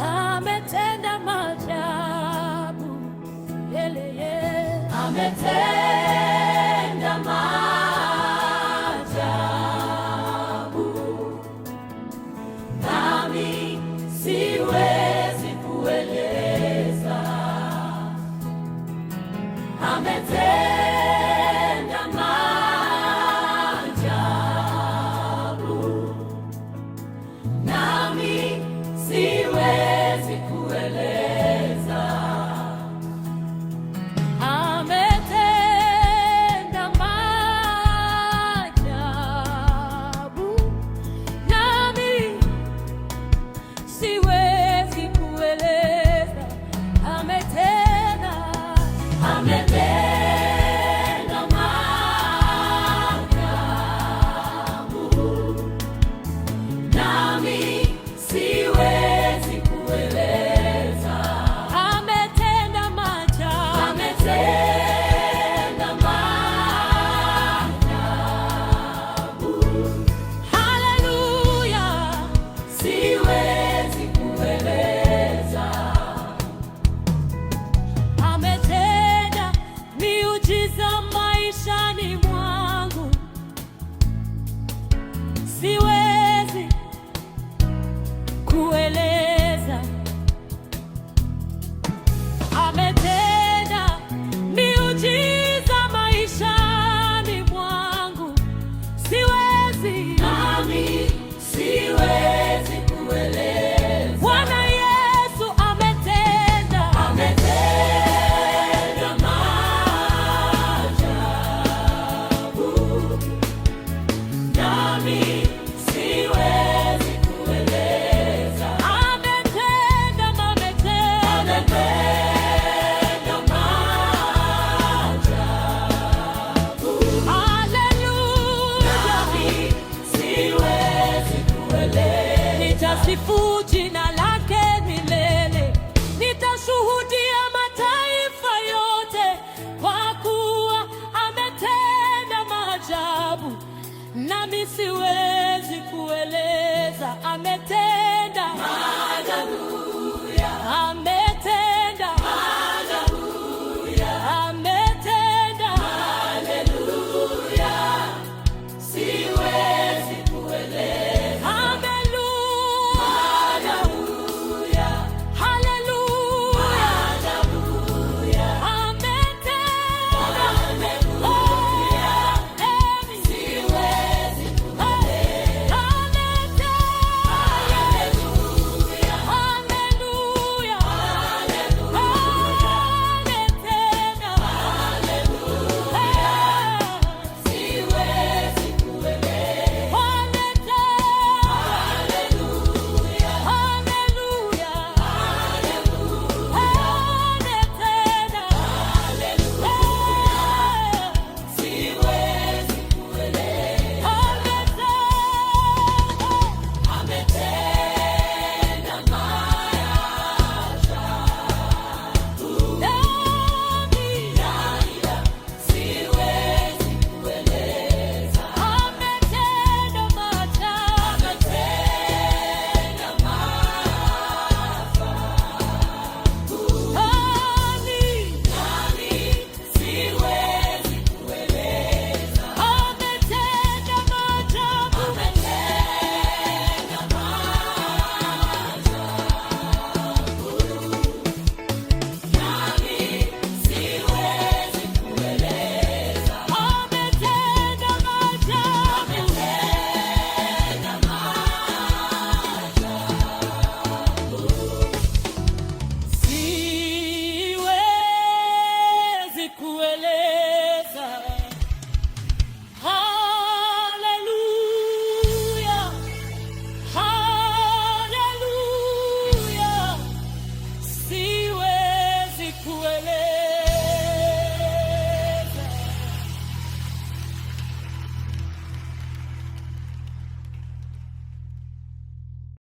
ametenda maajabu, yeye ametenda see. nitasifu jina lake milele, nitashuhudia mataifa yote, kwa kuwa ametenda maajabu, nami siwezi kueleza ametenda maajabu.